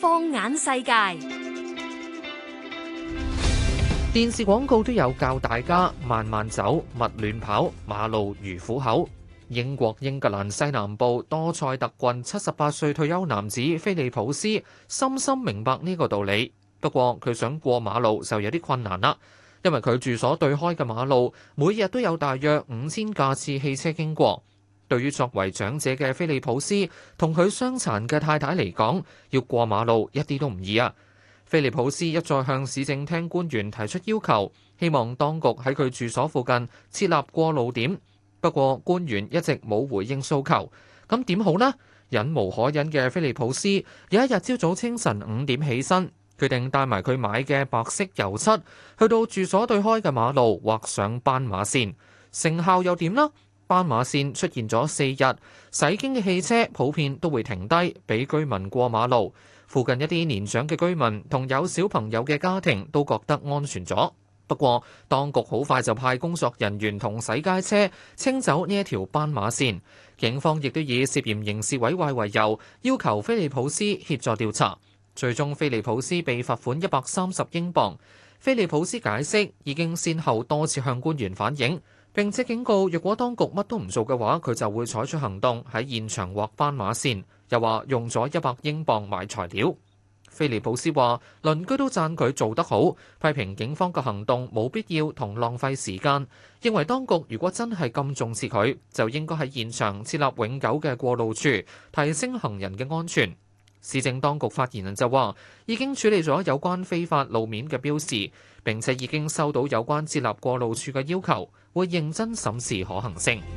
放眼世界，電視廣告都有教大家慢慢走，勿亂跑，馬路如虎口。英國英格蘭西南部多塞特郡七十八歲退休男子菲利普斯深深明白呢個道理，不過佢想過馬路就有啲困難啦，因為佢住所對開嘅馬路每日都有大約五千架次汽車經過。對於作為長者嘅菲利普斯同佢傷殘嘅太太嚟講，要過馬路一啲都唔易啊！菲利普斯一再向市政廳官員提出要求，希望當局喺佢住所附近設立過路點。不過官員一直冇回應訴求，咁點好呢？忍無可忍嘅菲利普斯有一日朝早清晨五點起身，決定帶埋佢買嘅白色油漆去到住所對開嘅馬路畫上斑馬線。成效又點呢？斑馬線出現咗四日，駛經嘅汽車普遍都會停低，俾居民過馬路。附近一啲年長嘅居民同有小朋友嘅家庭都覺得安全咗。不過，當局好快就派工作人員同洗街車清走呢一條斑馬線。警方亦都以涉嫌刑事毀壞為由，要求菲利普斯協助調查。最終，菲利普斯被罰款一百三十英鎊。菲利普斯解釋，已經先後多次向官員反映。並且警告，若果當局乜都唔做嘅話，佢就會採取行動喺現場畫斑馬線。又話用咗一百英鎊買材料。菲利普斯話：鄰居都讚佢做得好，批評警方嘅行動冇必要同浪費時間，認為當局如果真係咁重視佢，就應該喺現場設立永久嘅過路處，提升行人嘅安全。市政當局發言人就話：已經處理咗有關非法路面嘅標示，並且已經收到有關設立過路處嘅要求，會認真審視可行性。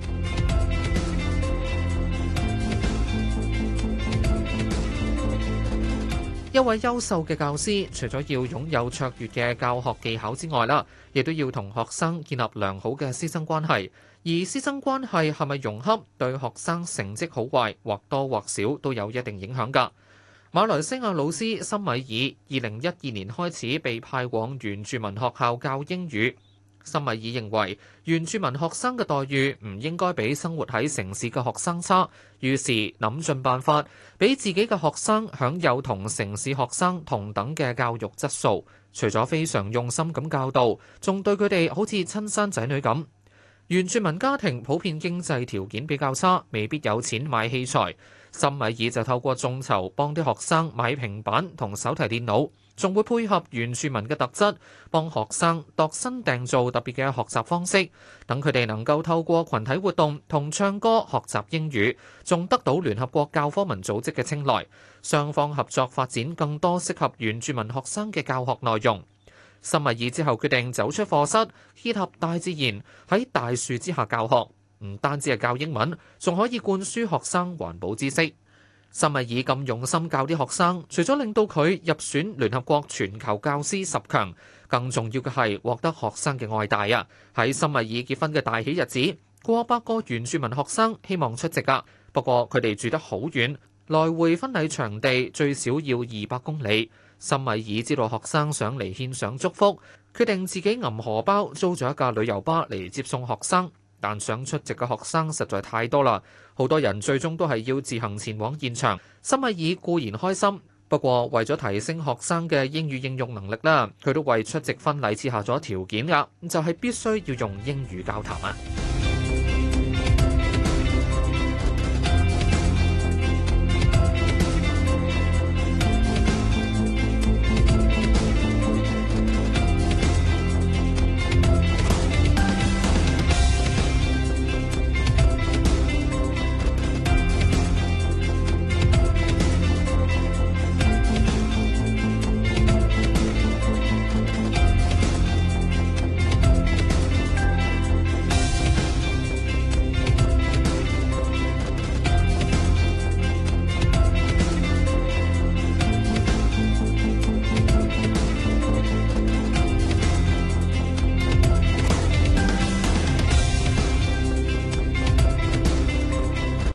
一位優秀嘅教師，除咗要擁有卓越嘅教學技巧之外啦，亦都要同學生建立良好嘅師生關係。而師生關係係咪融洽，對學生成績好壞或多或少都有一定影響㗎。馬來西亞老師森米爾二零一二年開始被派往原住民學校教英語。森米爾認為原住民學生嘅待遇唔應該比生活喺城市嘅學生差，於是諗盡辦法俾自己嘅學生享有同城市學生同等嘅教育質素。除咗非常用心咁教導，仲對佢哋好似親生仔女咁。原住民家庭普遍經濟條件比較差，未必有錢買器材。森米爾就透過眾籌幫啲學生買平板同手提電腦，仲會配合原住民嘅特質，幫學生度身訂造特別嘅學習方式，等佢哋能夠透過群體活動同唱歌學習英語，仲得到聯合國教科文組織嘅青睞，雙方合作發展更多適合原住民學生嘅教學內容。森米爾之後決定走出課室，結合大自然喺大樹之下教學。唔單止係教英文，仲可以灌輸學生環保知識。森米爾咁用心教啲學生，除咗令到佢入選聯合國全球教師十強，更重要嘅係獲得學生嘅愛戴啊！喺森米爾結婚嘅大喜日子，過百個原住民學生希望出席噶，不過佢哋住得好遠，來回婚禮場地最少要二百公里。森米爾知道學生想嚟獻上祝福，決定自己銀荷包租咗一架旅遊巴嚟接送學生。但想出席嘅學生實在太多啦，好多人最終都係要自行前往現場。森米爾固然開心，不過為咗提升學生嘅英語應用能力啦，佢都為出席婚禮設下咗條件㗎，就係、是、必須要用英語交談啊。